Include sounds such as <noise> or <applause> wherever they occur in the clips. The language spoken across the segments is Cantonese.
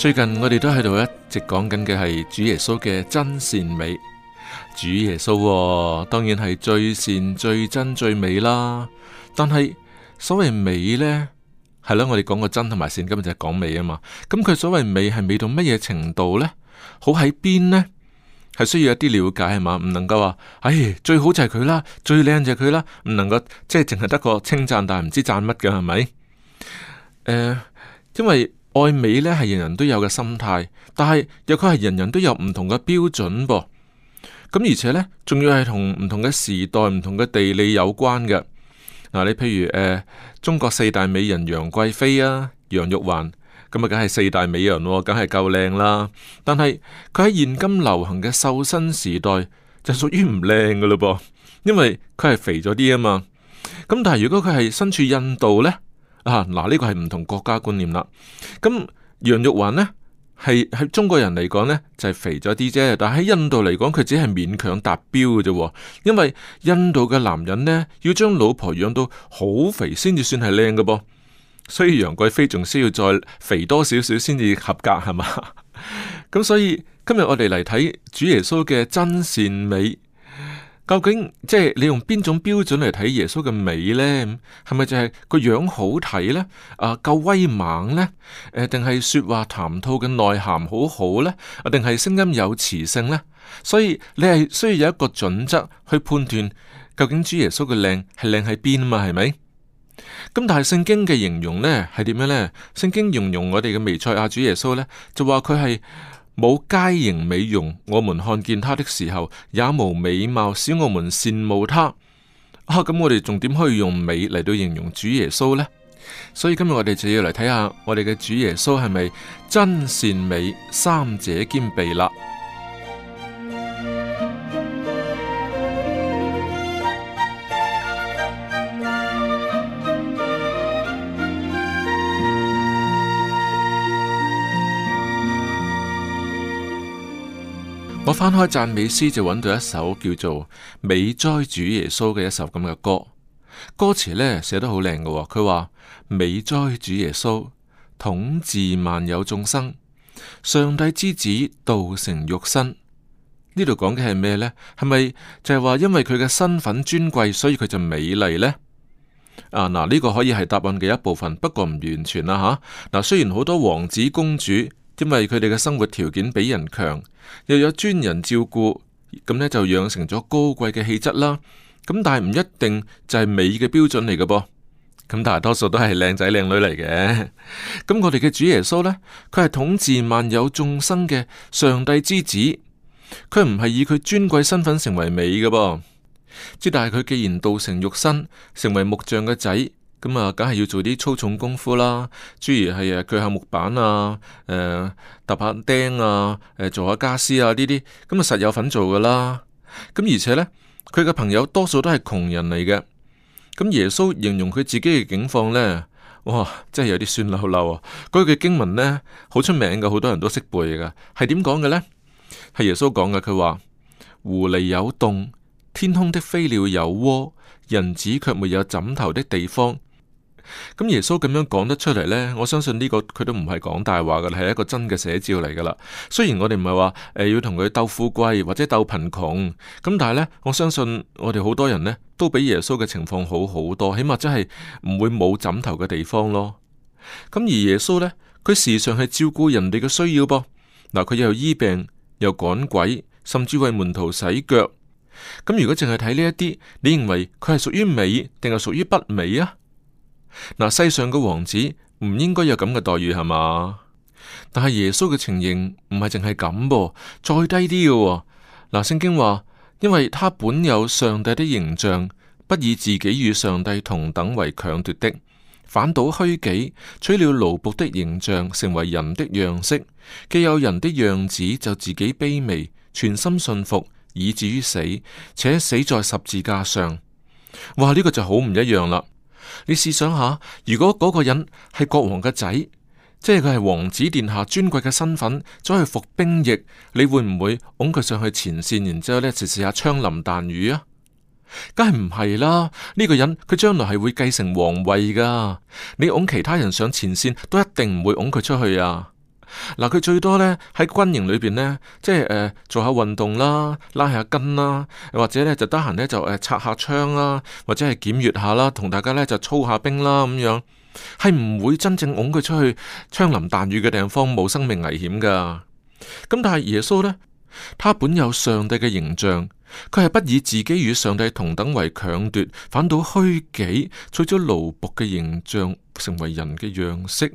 最近我哋都喺度一直講緊嘅係主耶穌嘅真善美，主耶穌、哦、當然係最善最真最美啦。但係所謂美呢，係啦，我哋講個真同埋善，今日就係講美啊嘛。咁佢所謂美係美到乜嘢程度呢？好喺邊呢？係需要一啲了解係嘛？唔能夠話，唉、哎，最好就係佢啦，最靚就係佢啦，唔能夠即係淨係得個稱讚，但係唔知讚乜嘅係咪？誒、呃，因為。愛美呢係人人都有嘅心態，但係又佢係人人都有唔同嘅標準噃。咁而且呢，仲要係同唔同嘅時代、唔同嘅地理有關嘅。嗱，你譬如誒，中國四大美人楊貴妃啊、楊玉環，咁啊梗係四大美人，梗係夠靚啦。但係佢喺現今流行嘅瘦身時代，就屬於唔靚噶啦噃，因為佢係肥咗啲啊嘛。咁但係如果佢係身處印度呢？啊，嗱，呢個係唔同國家觀念啦。咁楊玉環呢，係喺中國人嚟講呢，就係、是、肥咗啲啫，但係喺印度嚟講佢只係勉強達標嘅啫。因為印度嘅男人呢，要將老婆養到好肥先至算係靚嘅噃，所以楊貴妃仲需要再肥多少少先至合格係嘛。咁 <laughs> 所以今日我哋嚟睇主耶穌嘅真善美。究竟即係你用邊種標準嚟睇耶穌嘅美呢？係咪就係個樣好睇呢？啊，夠威猛呢？定、啊、係說話談吐嘅內涵好好呢？定係聲音有磁性呢？所以你係需要有一個準則去判斷究竟主耶穌嘅靚係靚喺邊嘛係咪？咁但係聖經嘅形容呢，係點樣呢？聖經形容，容我哋嘅彌賽亞主耶穌呢，就話佢係。冇佳形美容，我們看見他的時候也無美貌，使我們羨慕他。啊，咁我哋仲點可以用美嚟到形容主耶穌呢？所以今日我哋就要嚟睇下我哋嘅主耶穌係咪真善美三者兼備啦。翻開讚美詩就揾到一首叫做《美哉主耶穌》嘅一首咁嘅歌，歌詞，歌詞呢寫得好靚嘅。佢話，美哉主耶穌統治萬有眾生，上帝之子道成肉身。呢度講嘅係咩呢？係咪就係話因為佢嘅身份尊貴，所以佢就美麗呢？啊嗱，呢個可以係答案嘅一部分，不過唔完全啦吓。嗱，啊，雖然好多王子公主。因為佢哋嘅生活條件比人強，又有專人照顧，咁呢就養成咗高貴嘅氣質啦。咁但係唔一定就係美嘅標準嚟嘅噃。咁大多數都係靚仔靚女嚟嘅。咁我哋嘅主耶穌呢，佢係統治萬有眾生嘅上帝之子，佢唔係以佢尊貴身份成為美嘅噃。即但係佢既然道成肉身，成為木匠嘅仔。咁啊，梗係要做啲粗重功夫啦，諸如係誒鋸下木板啊，誒揼下釘啊，誒做下家私啊呢啲，咁啊實有份做噶啦。咁而且呢，佢嘅朋友多數都係窮人嚟嘅。咁耶穌形容佢自己嘅境況呢，哇，真係有啲酸溜溜啊！嗰句經文呢，好出名噶，好多人都識背噶。係點講嘅呢？係耶穌講嘅，佢話狐狸有洞，天空的飛鳥有窩，人子卻沒有枕頭的地方。咁耶穌咁樣講得出嚟，呢，我相信呢個佢都唔係講大話嘅，係一個真嘅寫照嚟噶啦。雖然我哋唔係話誒要同佢鬥富貴或者鬥貧窮，咁但係呢，我相信我哋好多人呢都比耶穌嘅情況好好多，起碼真係唔會冇枕頭嘅地方咯。咁而耶穌呢，佢時常係照顧人哋嘅需要，噃，嗱，佢又有醫病又趕鬼，甚至為門徒洗腳。咁如果淨係睇呢一啲，你認為佢係屬於美定係屬於不美啊？嗱、啊，世上嘅王子唔應該有咁嘅待遇係嘛？但係耶穌嘅情形唔係淨係咁噃，再低啲嘅、啊。嗱、啊，聖經話，因為他本有上帝的形象，不以自己與上帝同等為強奪的，反倒虛己，取了奴僕的形象，成為人的樣式。既有人的樣子，就自己卑微，全心信服，以至於死，且死在十字架上。哇、呢、這個就好唔一樣啦。你試想下，如果嗰個人係國王嘅仔，即係佢係王子殿下尊貴嘅身份，走去服兵役，你會唔會拱佢上去前線？然之後呢，就試下槍林彈雨啊？梗係唔係啦！呢個人佢將來係會繼承皇位噶，你拱其他人上前線，都一定唔會拱佢出去啊！嗱，佢、啊、最多呢喺軍營裏邊呢，即係、呃、做下運動啦，拉下筋啦，或者呢就得閒呢就拆下槍啦、啊，或者係檢閱下啦，同大家呢就操下兵啦咁樣，係唔會真正拱佢出去槍林彈雨嘅地方，冇生命危險噶。咁、嗯、但係耶穌呢，他本有上帝嘅形象。佢係不以自己與上帝同等為強奪，反倒虛己，取咗奴僕嘅形象，成為人嘅樣式，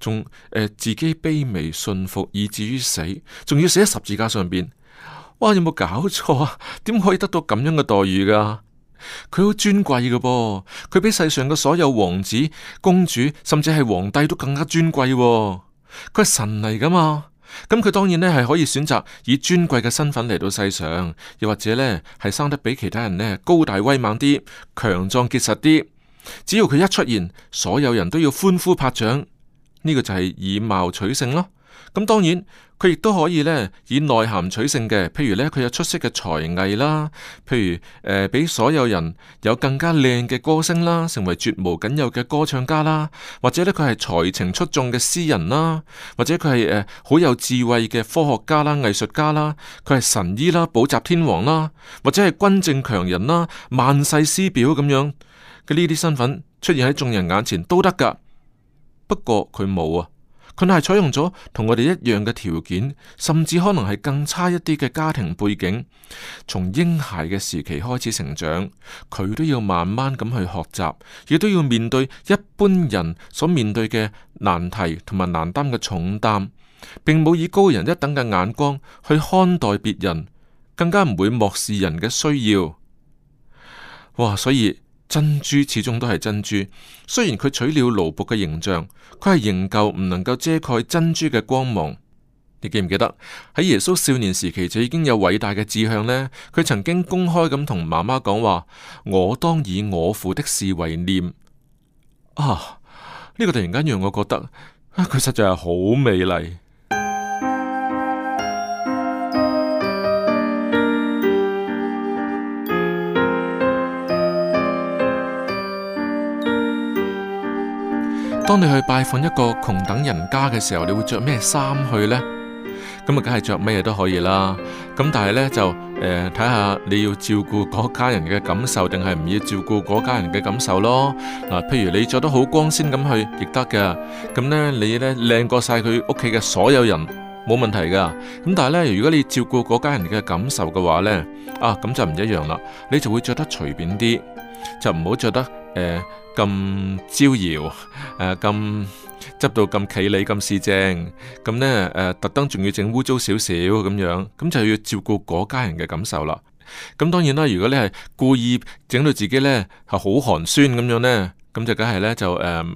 仲誒、呃、自己卑微順服，以至於死，仲要死喺十字架上邊。哇！有冇搞錯啊？點可以得到咁樣嘅待遇噶？佢好尊貴嘅噃，佢比世上嘅所有王子、公主，甚至係皇帝都更加尊貴。佢係神嚟噶嘛？咁佢當然呢係可以選擇以尊貴嘅身份嚟到世上，又或者呢係生得比其他人呢高大威猛啲、強壯結實啲。只要佢一出現，所有人都要歡呼拍掌。呢、這個就係以貌取勝咯。咁當然，佢亦都可以呢以內涵取勝嘅，譬如呢，佢有出色嘅才藝啦，譬如誒、俾、所有人有更加靚嘅歌聲啦，成為絕無僅有嘅歌唱家啦，或者呢，佢係才情出眾嘅詩人啦，或者佢係、呃、好有智慧嘅科學家啦、藝術家啦，佢係神醫啦、補習天王啦，或者係軍政強人啦、萬世師表咁樣嘅呢啲身份出現喺眾人眼前都得噶，不過佢冇啊。佢係採用咗同我哋一樣嘅條件，甚至可能係更差一啲嘅家庭背景，從嬰孩嘅時期開始成長，佢都要慢慢咁去學習，亦都要面對一般人所面對嘅難題同埋難擔嘅重擔，並冇以高人一等嘅眼光去看待別人，更加唔會漠視人嘅需要。哇！所以。珍珠始終都係珍珠，雖然佢取了蘿蔔嘅形象，佢係仍舊唔能夠遮蓋珍珠嘅光芒。你記唔記得喺耶穌少年時期就已經有偉大嘅志向呢？佢曾經公開咁同媽媽講話：我當以我父的事為念。啊！呢、這個突然間讓我覺得佢實在係好美麗。當你去拜訪一個窮等人家嘅時候，你會着咩衫去呢？咁啊，梗係着咩都可以啦。咁但係呢，就誒，睇、呃、下你要照顧嗰家人嘅感受，定係唔要照顧嗰家人嘅感受咯。嗱、呃，譬如，你着得好光鮮咁去，亦得㗎。咁呢，你呢靚過晒佢屋企嘅所有人，冇問題噶。咁但係呢，如果你照顧嗰家人嘅感受嘅話呢，啊，咁就唔一樣啦。你就會着得隨便啲，就唔好着得誒。呃咁招搖，咁執到咁企理，咁市正，咁呢、呃、特登仲要整污糟少少咁樣，咁就要照顧嗰家人嘅感受啦。咁當然啦，如果你係故意整到自己呢係好寒酸咁樣呢，咁就梗係呢，就誒即。呃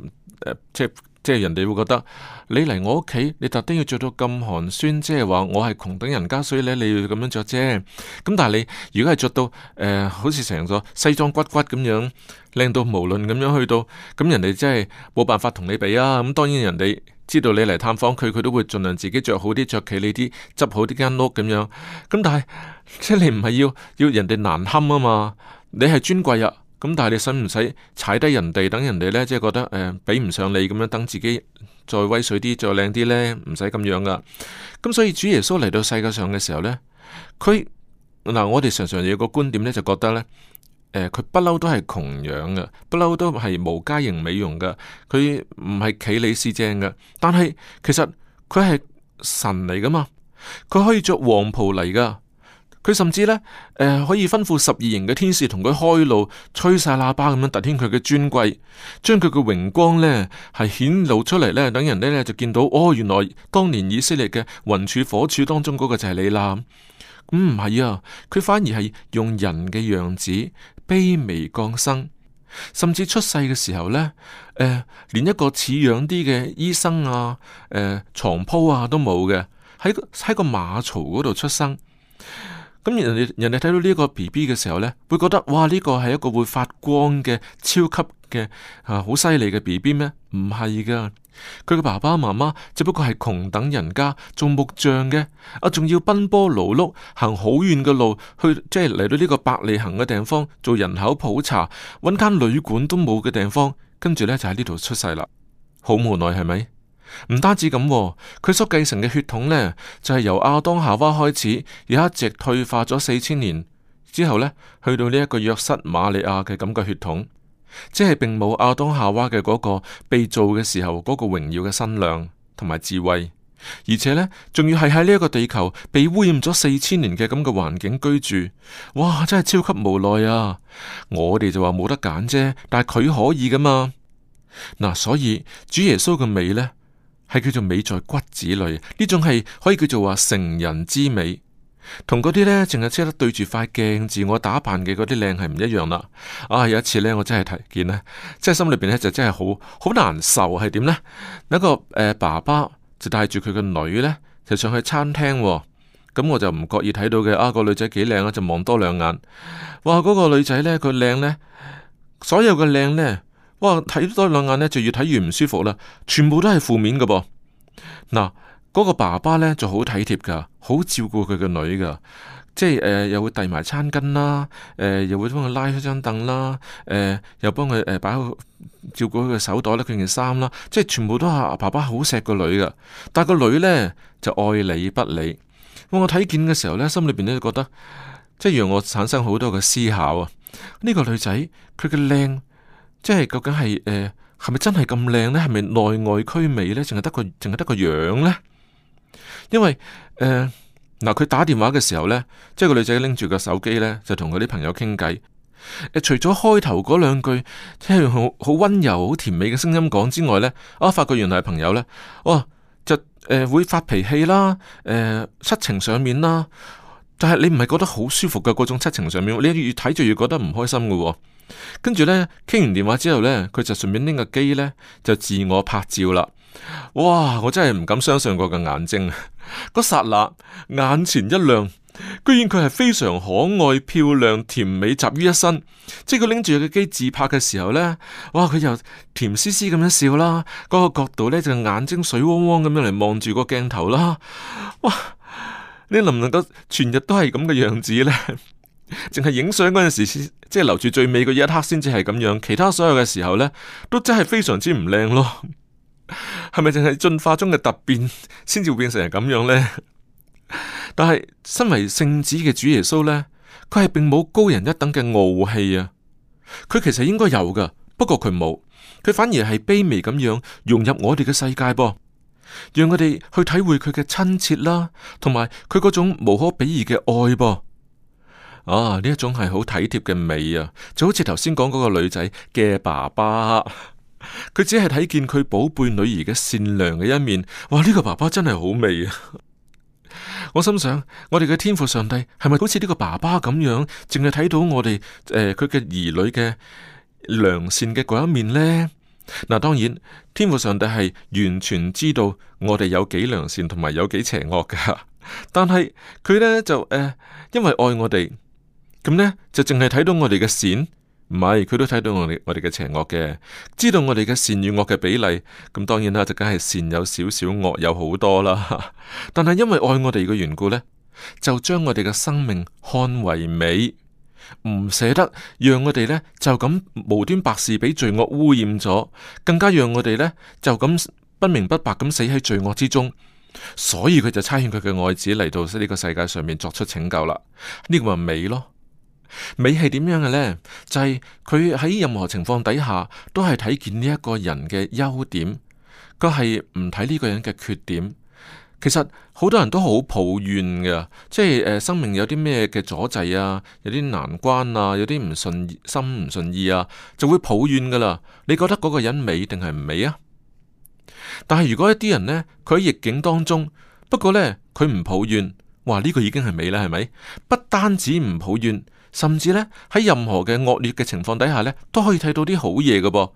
呃就是即係人哋會覺得你嚟我屋企，你特登要着到咁寒酸，即係話我係窮等人家，所以咧你要咁樣着啫。咁但係你如果係着到誒、呃，好似成個西裝骨骨咁樣，靚到無倫咁樣去到，咁人哋真係冇辦法同你比啊！咁當然人哋知道你嚟探訪佢，佢都會盡量自己着好啲，着企你啲執好啲間屋咁樣。咁但係即係你唔係要要人哋難堪啊嘛？你係尊貴啊！咁但係你使唔使踩低人哋，等人哋呢？即係覺得誒、呃、比唔上你咁樣，等自己再威水啲，再靚啲呢？唔使咁樣噶。咁、嗯、所以主耶穌嚟到世界上嘅時候呢，佢嗱我哋常常有個觀點呢，就覺得呢，佢不嬲都係窮樣噶，不嬲都係無佳形美容噶，佢唔係企理四正噶。但係其實佢係神嚟噶嘛，佢可以着黃袍嚟噶。佢甚至咧，誒、呃，可以吩咐十二型嘅天使同佢開路，吹晒喇叭咁樣突顯佢嘅尊貴，將佢嘅榮光呢係顯露出嚟，呢等人呢就見到哦，原來當年以色列嘅雲柱火柱當中嗰個就係你啦。咁唔、嗯、係啊，佢反而係用人嘅樣子卑微降生，甚至出世嘅時候呢，誒、呃，連一個似樣啲嘅醫生啊，誒、呃，床鋪啊都冇嘅，喺喺個馬槽嗰度出生。咁人哋人哋睇到呢個 B B 嘅時候呢，會覺得哇，呢個係一個會發光嘅超級嘅，啊好犀利嘅 B B 咩？唔係噶，佢嘅爸爸媽媽只不過係窮等人家做木匠嘅，啊仲要奔波勞碌，行好遠嘅路去即係嚟到呢個伯利恆嘅地方做人口普查，揾間旅館都冇嘅地方，跟住呢，就喺呢度出世啦，好無奈係咪？唔單止咁、哦，佢所繼承嘅血統呢，就係、是、由亞當夏娃開始，而一直退化咗四千年之後呢，去到呢一個約瑟瑪利亞嘅咁個血統，即係並冇亞當夏娃嘅嗰個被造嘅時候嗰個榮耀嘅身量同埋智慧，而且呢，仲要係喺呢一個地球被污染咗四千年嘅咁嘅環境居住，哇，真係超級無奈啊！我哋就話冇得揀啫，但係佢可以噶嘛？嗱、啊，所以主耶穌嘅美呢？係叫做美在骨子裏，呢種係可以叫做話成人之美，同嗰啲呢，淨係車得對住塊鏡自我打扮嘅嗰啲靚係唔一樣啦。啊，有一次呢，我真係睇見呢，即係心裏邊呢，就真係好好難受，係點咧？一個、呃、爸爸就帶住佢個女呢，就上去餐廳、哦、咁、嗯、我就唔覺意睇到嘅，啊個女仔幾靚啊，就望多兩眼。哇，嗰個女仔呢，佢靚呢，所有嘅靚呢。哇！睇多兩眼呢，就越睇越唔舒服啦。全部都係負面噶噃。嗱，嗰、那個爸爸呢就好體貼噶，好照顧佢個女噶，即係誒、呃、又會遞埋餐巾啦，誒、呃、又會幫佢拉開張凳啦，誒、呃、又幫佢誒擺好照顧佢嘅手袋啦、佢件衫啦，即係全部都係爸爸好錫個女噶。但係個女呢就愛理不理。我睇見嘅時候呢，心裏邊呢覺得，即係讓我產生好多嘅思考啊！呢、這個女仔佢嘅靚。即係究竟係誒，係、呃、咪真係咁靚呢？係咪內外俱美呢？淨係得個淨係得個樣咧？因為誒，嗱、呃，佢、呃、打電話嘅時候呢，即係個女仔拎住個手機呢，就同佢啲朋友傾偈、呃。除咗開頭嗰兩句，聽好好温柔、好甜美嘅聲音講之外呢，我發覺原來係朋友呢，哦，就誒、呃、會發脾氣啦，誒、呃，七情上面啦，但係你唔係覺得好舒服嘅嗰種七情上面，你越睇就越覺得唔開心噶、哦。跟住呢，傾完電話之後呢，佢就順便拎個機呢，就自我拍照啦。哇！我真係唔敢相信我嘅眼睛，個 <laughs> 剎那，剎那眼前一亮，居然佢係非常可愛、漂亮、甜美集於一身。即係佢拎住個機自拍嘅時候呢，哇！佢又甜絲絲咁樣笑啦，嗰、嗰個角度呢，就眼睛水汪汪咁樣嚟望住個鏡頭啦。哇！你能唔能夠全日都係咁嘅樣子呢？ <laughs> 淨係影相嗰陣時，即係留住最美嘅一刻，先至係咁樣。其他所有嘅時候呢，都真係非常之唔靚咯。係咪淨係進化中嘅突變先至會變成係咁樣呢？ <laughs> 但係身為聖子嘅主耶穌呢，佢係並冇高人一等嘅傲氣啊。佢其實應該有噶，不過佢冇，佢反而係卑微咁樣融入我哋嘅世界噃，讓我哋去體會佢嘅親切啦，同埋佢嗰種無可比擬嘅愛噃。啊！呢一種係好體貼嘅美啊，就好似頭先講嗰個女仔嘅爸爸，佢只係睇見佢寶貝女兒嘅善良嘅一面。哇！呢、這個爸爸真係好美啊！ <laughs> 我心想，我哋嘅天父上帝係咪好似呢個爸爸咁樣，淨係睇到我哋誒佢嘅兒女嘅良善嘅嗰一面呢？嗱、呃，當然天父上帝係完全知道我哋有幾良善同埋有幾邪惡噶，但係佢呢就、呃、因為愛我哋。咁呢，就淨係睇到我哋嘅善，唔係，佢都睇到我哋我哋嘅邪惡嘅，知道我哋嘅善與惡嘅比例。咁當然啦，就梗係善有少少，惡有好多啦。但係因為愛我哋嘅緣故呢，就將我哋嘅生命看為美，唔捨得讓我哋呢就咁無端白事俾罪惡污染咗，更加讓我哋呢就咁不明不白咁死喺罪惡之中。所以佢就差遣佢嘅愛子嚟到呢個世界上面作出拯救啦。呢個咪美咯？美係點樣嘅呢？就係佢喺任何情況底下都係睇見呢一個人嘅優點，佢係唔睇呢個人嘅缺點。其實好多人都好抱怨嘅，即係生命有啲咩嘅阻滯啊，有啲難關啊，有啲唔順心唔順意啊，就會抱怨噶啦。你覺得嗰個人美定係唔美啊？但係如果一啲人呢，佢喺逆境當中，不過呢，佢唔抱怨，話呢個已經係美啦，係咪？不單止唔抱怨。甚至咧，喺任何嘅惡劣嘅情況底下咧，都可以睇到啲好嘢嘅噃。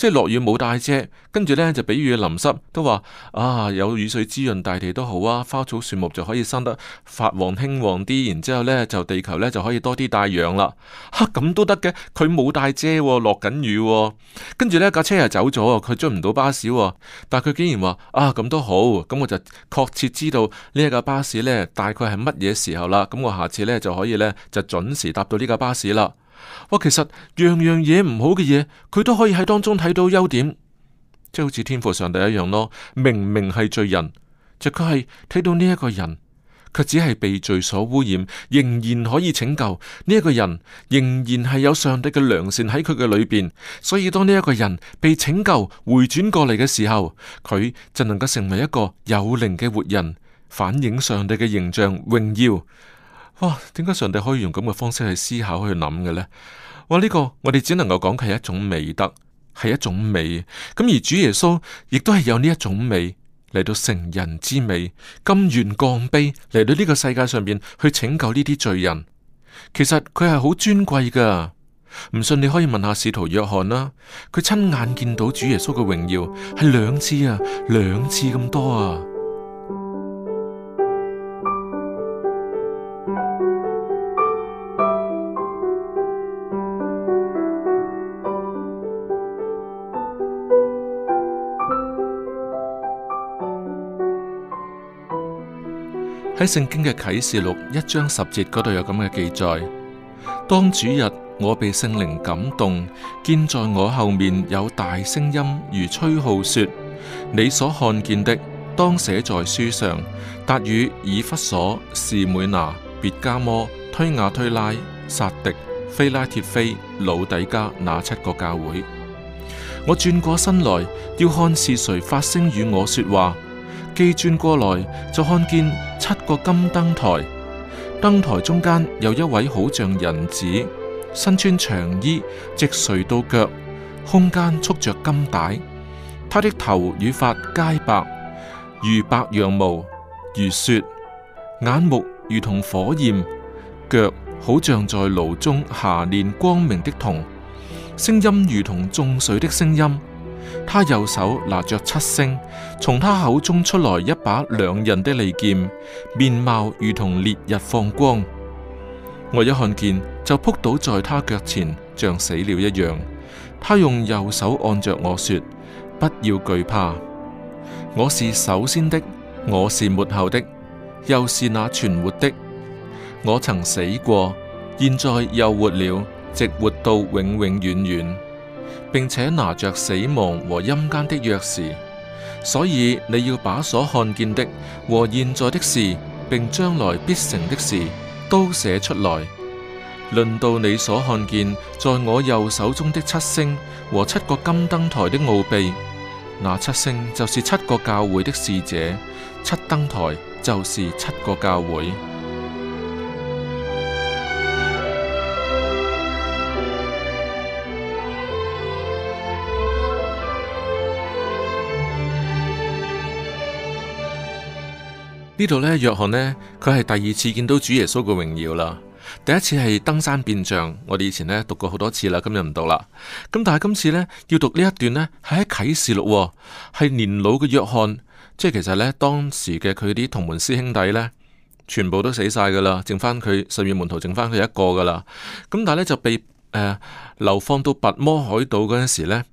即係落雨冇帶遮，跟住呢就畀雨淋濕都話啊，有雨水滋潤大地都好啊，花草樹木就可以生得發旺興旺啲，然之後呢就地球呢就可以多啲帶氧啦。吓、啊、咁都得嘅，佢冇帶遮，落緊雨、哦，跟住呢架車又走咗，佢追唔到巴士、哦。但佢竟然話啊咁都好，咁、嗯、我就確切知道呢一架巴士呢大概係乜嘢時候啦。咁、嗯、我下次呢就可以呢，就準時搭到呢架巴士啦。哇，其實樣樣嘢，唔好嘅嘢，佢都可以喺當中睇到優點，即係好似天父上帝一樣咯。明明係罪人，就佢係睇到呢一個人，卻只係被罪所污染，仍然可以拯救呢一個人，仍然係有上帝嘅良善喺佢嘅裏邊。所以當呢一個人被拯救回轉過嚟嘅時候，佢就能夠成為一個有靈嘅活人，反映上帝嘅形象榮耀。哇，點解、哦、上帝可以用咁嘅方式去思考去諗嘅呢？哇、哦、呢、這個我哋只能夠講佢係一種美德，係一種美。咁而主耶穌亦都係有呢一種美嚟到成人之美，甘願降卑嚟到呢個世界上邊去拯救呢啲罪人。其實佢係好尊貴噶，唔信你可以問下使徒約翰啦，佢親眼見到主耶穌嘅榮耀係兩次啊，兩次咁多啊。喺聖經嘅啟示錄一章十節嗰度有咁嘅記載：當主日，我被聖靈感動，見在我後面有大聲音，如吹號說：你所看見的，當寫在書上。達與以弗所、士每拿、別加摩、推雅推拉、撒狄、非拉鐵非、老底加那七個教會。我轉過身來要看是誰發聲與我說話。既轉過來就看見七個金燈臺，燈臺中間有一位好像人子，身穿長衣，直垂到腳，胸間束着金帶。他的頭與髮皆白，如白羊毛，如雪；眼目如同火焰，腳好像在爐中鍛煉光明的銅，聲音如同眾水的聲音。他右手拿着七星，從他口中出來一把兩刃的利劍，面貌如同烈日放光。我一看見就撲倒在他腳前，像死了一樣。他用右手按着我說：不要懼怕，我是首先的，我是末後的，又是那存活的。我曾死過，現在又活了，直活到永永遠遠，遠。並且拿着死亡和陰間的鑰匙，所以你要把所看見的和現在的事，並將來必成的事都寫出來。論到你所看見在我右手中的七星和七個金燈台的奧秘，那七星就是七個教會的使者，七燈台就是七個教會。呢度呢，約翰呢，佢係第二次見到主耶穌嘅榮耀啦。第一次係登山變像，我哋以前呢讀過好多次啦，今日唔讀啦。咁但係今次呢，要讀呢一段呢，係喺啟示錄喎，係年老嘅約翰，即係其實呢，當時嘅佢啲同門師兄弟呢，全部都死晒噶啦，剩翻佢十二門徒，剩翻佢一個噶啦。咁但係呢，就被誒、呃、流放到拔摩海島嗰陣時咧。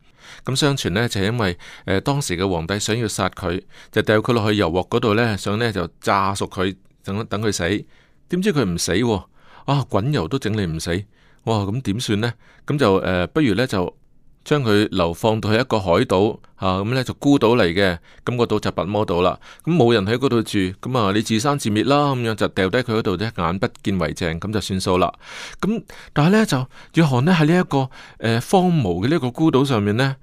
咁相傳呢，就係、因為誒、呃、當時嘅皇帝想要殺佢，就掉佢落去油鍋嗰度呢，想呢就炸熟佢，等等佢死。點知佢唔死喎、啊？啊，滾油都整你唔死，哇！咁點算呢？咁就誒、呃，不如呢就。將佢流放到喺一個海島，吓、啊、咁呢就孤島嚟嘅，咁個島就拔魔島啦。咁冇人喺嗰度住，咁啊你自生自滅啦，咁樣就掉低佢嗰度咧，眼不見為淨，咁就算數啦。咁但係呢，就，約翰呢，喺呢一個誒、呃、荒蕪嘅呢一個孤島上面呢，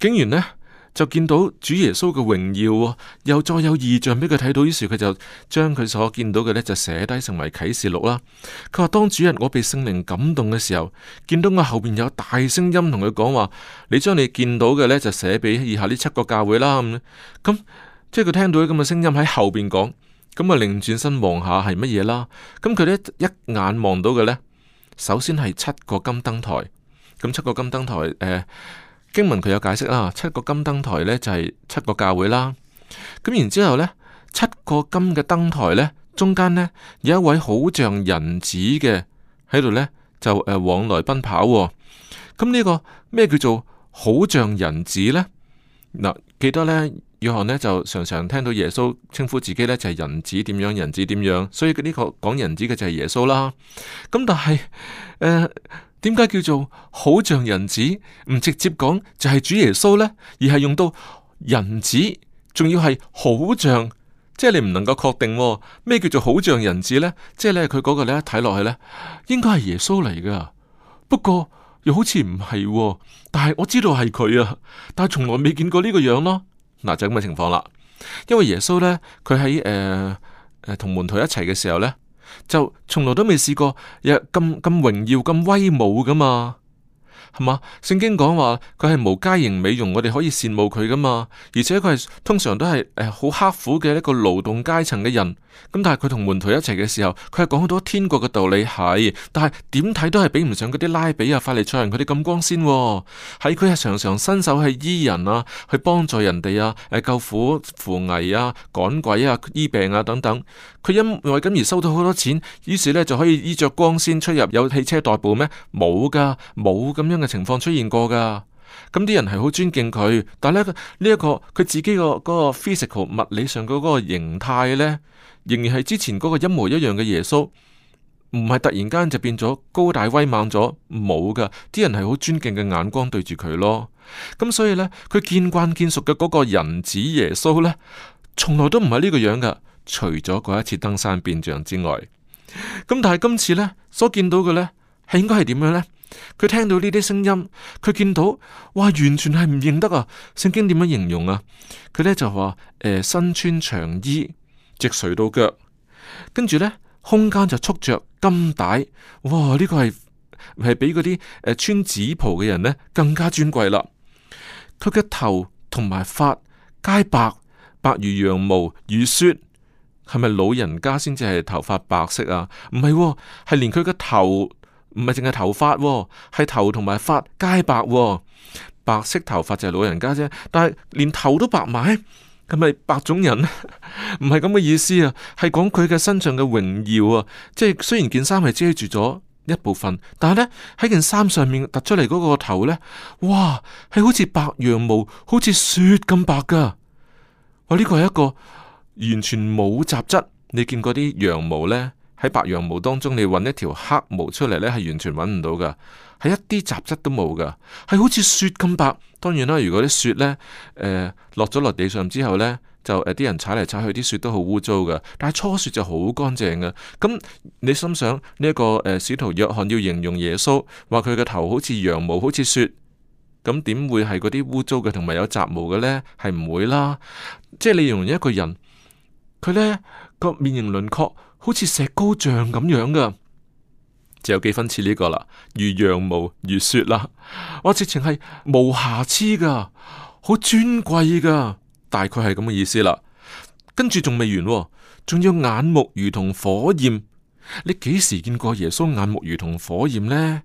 竟然呢。就見到主耶穌嘅榮耀，又再有異象俾佢睇到，於是佢就將佢所見到嘅呢，就寫低成為啟示錄啦。佢話當主日我被聖靈感動嘅時候，見到我後邊有大聲音同佢講話，你將你見到嘅呢，就寫俾以下呢七個教會啦。咁，即係佢聽到咁嘅聲音喺後邊講，咁啊，擰轉身望下係乜嘢啦？咁佢呢一眼望到嘅呢，首先係七個金燈台，咁七個金燈台、呃經文佢有解釋啦，七個金燈台呢就係七個教會啦，咁然之後呢，七個金嘅燈台呢，中間呢有一位好像人子嘅喺度呢，就往來奔跑，咁、這、呢個咩叫做好像人子呢？嗱，記得呢，約翰呢，就常常聽到耶穌稱呼自己呢，就係人子點樣人子點樣，所以呢個講人子嘅就係耶穌啦。咁但係誒點解叫做好像人子唔直接講就係主耶穌呢，而係用到人子，仲要係好像，即係你唔能夠確定咩叫做好像人子呢？即係咧佢嗰個咧睇落去咧，應該係耶穌嚟㗎，不過又好似唔係，但係我知道係佢啊，但係從來未見過呢個樣咯。嗱就咁嘅情況啦，因為耶穌咧，佢喺誒誒同門徒一齊嘅時候咧。就從來都未試過有，有咁咁榮耀、咁威武㗎嘛。係嘛？聖經講話佢係無佳形美容，我哋可以羨慕佢噶嘛？而且佢係通常都係誒好刻苦嘅一個勞動階層嘅人。咁但係佢同門徒一齊嘅時候，佢係講好多天國嘅道理係，但係點睇都係比唔上嗰啲拉比啊、法利賽人佢哋咁光鮮，哦。係佢係常常伸手去醫人啊，去幫助人哋啊，誒、呃、救苦扶危啊、趕鬼啊、醫病啊，病啊等等。佢因為咁而收到好多錢，於是咧就可以衣着光鮮出入有汽車代步咩？冇噶，冇咁樣。嘅情況出現過噶，咁啲人係好尊敬佢，但係呢一個佢自己個嗰個 physical 物理上嗰個形態呢，仍然係之前嗰個一模一樣嘅耶穌，唔係突然間就變咗高大威猛咗，冇噶，啲人係好尊敬嘅眼光對住佢咯。咁所以呢，佢見慣見熟嘅嗰個人子耶穌呢，從來都唔係呢個樣噶，除咗嗰一次登山變像之外，咁但係今次呢，所見到嘅呢，係應該係點樣呢？佢聽到呢啲聲音，佢見到哇，完全係唔認得啊！聖經點樣形容啊？佢呢就話、呃：身穿長衣，直垂到腳，跟住呢胸間就束着金帶。哇！呢、這個係係比嗰啲、呃、穿紫袍嘅人呢更加尊貴啦。佢嘅頭同埋髮皆白，白如羊毛如雪。係咪老人家先至係頭髮白色啊？唔係、啊，係連佢嘅頭。唔係淨係頭髮、哦，係頭同埋髮皆白、哦，白色頭髮就係老人家啫。但係連頭都白埋，係咪白種人？唔係咁嘅意思啊，係講佢嘅身上嘅榮耀啊。即係雖然件衫係遮住咗一部分，但係呢，喺件衫上面突出嚟嗰個頭呢，哇，係好似白羊毛，好似雪咁白噶。我呢個係一個完全冇雜質，你見過啲羊毛呢。喺白羊毛當中，你揾一條黑毛出嚟呢，係完全揾唔到噶，係一啲雜質都冇噶，係好似雪咁白。當然啦，如果啲雪呢，誒、呃、落咗落地上之後呢，就誒啲、呃、人踩嚟踩去，啲雪都好污糟噶。但係初雪就好乾淨噶。咁你心想呢一、這個誒、呃，使徒約翰要形容耶穌，話佢嘅頭好似羊毛，好似雪，咁點會係嗰啲污糟嘅，同埋有，有雜毛嘅呢？係唔會啦。即係你形容一個人。佢呢個面型輪廓好似石膏像咁樣噶，就有幾分似呢個啦，如羊毛如雪啦，我直情係無瑕疵噶，好尊貴噶，大概係咁嘅意思啦。跟住仲未完，仲要眼目如同火焰，你幾時見過耶穌眼目如同火焰呢？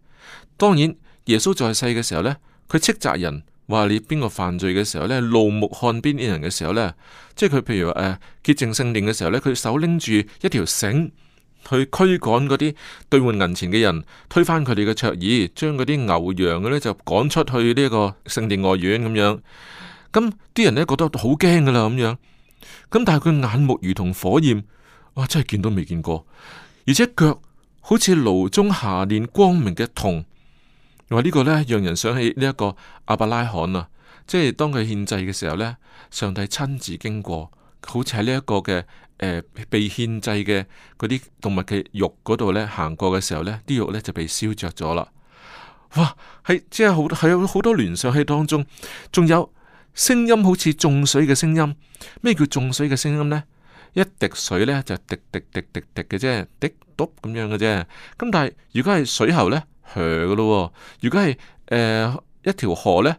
當然耶穌在世嘅時候呢，佢斥責人。話你邊個犯罪嘅時候呢，怒目看邊啲人嘅時候呢，即係佢譬如話誒潔淨聖殿嘅時候呢，佢手拎住一條繩去驅趕嗰啲兌換銀錢嘅人，推翻佢哋嘅桌椅，將嗰啲牛羊嘅呢就趕出去呢個聖殿外院咁樣。咁啲人呢覺得好驚噶啦咁樣。咁但係佢眼目如同火焰，哇真係見都未見過，而且腳好似爐中下煉光明嘅銅。我呢個呢，讓人想起呢一個亞伯拉罕啊。即係當佢獻祭嘅時候呢，上帝親自經過，好似喺呢一個嘅誒、呃、被獻祭嘅嗰啲動物嘅肉嗰度呢。行過嘅時候呢，啲肉呢就被燒着咗啦。哇，係即係好係有好多聯想喺當中，仲有聲音好似眾水嘅聲音。咩叫眾水嘅聲音呢？一滴水呢，就滴滴滴滴滴嘅啫，滴嘟咁樣嘅啫。咁但係如果係水喉呢？嗯、如果係、呃、一條河呢，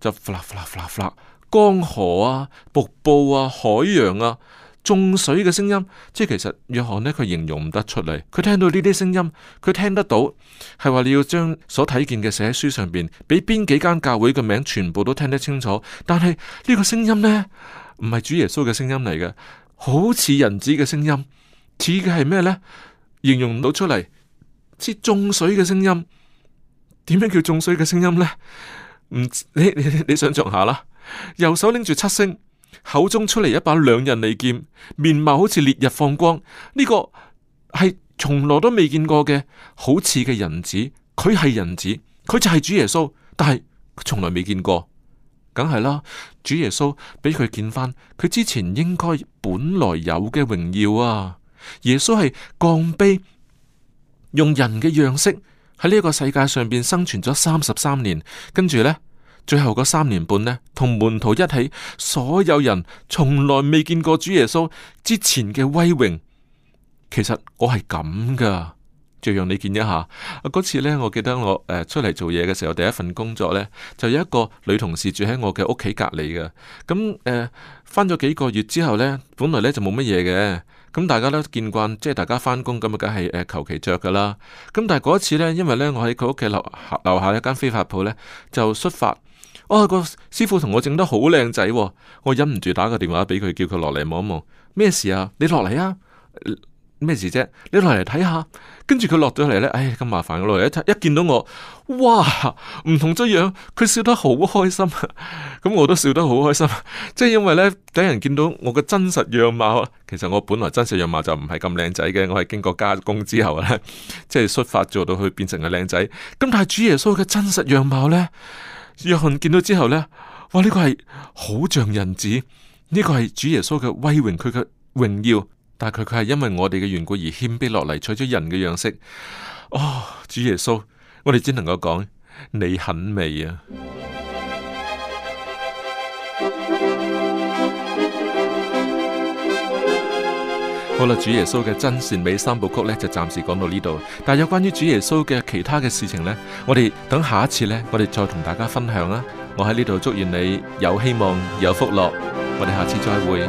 就嘩啦嘩啦嘩啦嘩啦，江河啊、瀑布啊、海洋啊，眾水嘅聲音，即係其實約翰呢，佢形容唔得出嚟。佢聽到呢啲聲音，佢聽得到，係話你要將所睇見嘅寫喺書上邊，俾邊幾間教會嘅名全部都聽得清楚。但係呢個聲音呢，唔係主耶穌嘅聲音嚟嘅，好似人子嘅聲音，似嘅係咩呢？形容唔到出嚟。似中水嘅聲音，點樣叫中水嘅聲音呢？唔，你你，你，你想象下啦，右手拎住七星，口中出嚟一把兩刃利劍，面貌好似烈日放光，呢個係從來都未見過嘅，好似嘅人子，佢係人子，佢就係主耶穌，但係佢從來未見過，梗係啦，主耶穌俾佢見翻佢之前應該本來有嘅榮耀啊！耶穌係降卑。用人嘅樣式喺呢個世界上邊生存咗三十三年，跟住呢最後嗰三年半呢，同門徒一起，所有人從來未見過主耶穌之前嘅威榮。其實我係咁噶。就讓你見一下啊！嗰次呢，我記得我誒、呃、出嚟做嘢嘅時候，第一份工作呢，就有一個女同事住喺我嘅屋企隔離嘅。咁誒，翻、呃、咗幾個月之後呢，本來呢就冇乜嘢嘅。咁大家都見慣，即係大家翻工咁啊，梗係誒求其着噶啦。咁、呃、但係嗰一次呢，因為呢，我喺佢屋企樓樓下，樓下一間飛髮鋪呢，就鬚髮。哦，嗰個師傅同我整得好靚仔，我忍唔住打個電話俾佢，叫佢落嚟望一望。咩事啊？你落嚟啊！呃咩事啫？你落嚟睇下看看，跟住佢落咗嚟咧，唉咁麻煩嘅。落嚟一睇，一見到我，哇，唔同咗樣，佢笑得好開心，咁 <laughs> 我都笑得好開心。即係因為咧，等人見到我嘅真實樣貌啊，其實我本來真實樣貌就唔係咁靚仔嘅，我係經過加工之後咧，即係術法做到去變成個靚仔。咁但係主耶穌嘅真實樣貌咧，約翰見到之後咧，哇！呢、這個係好像人子，呢、這個係主耶穌嘅威榮，佢嘅榮耀。但係佢佢係因為我哋嘅緣故而謙卑落嚟，取咗人嘅樣式。哦，主耶穌，我哋只能夠講你很美啊！ <music> 好啦，主耶穌嘅真善美三部曲呢，就暫時講到呢度。但有關於主耶穌嘅其他嘅事情呢，我哋等下一次呢，我哋再同大家分享啦。我喺呢度祝願你有希望，有福樂。我哋下次再會。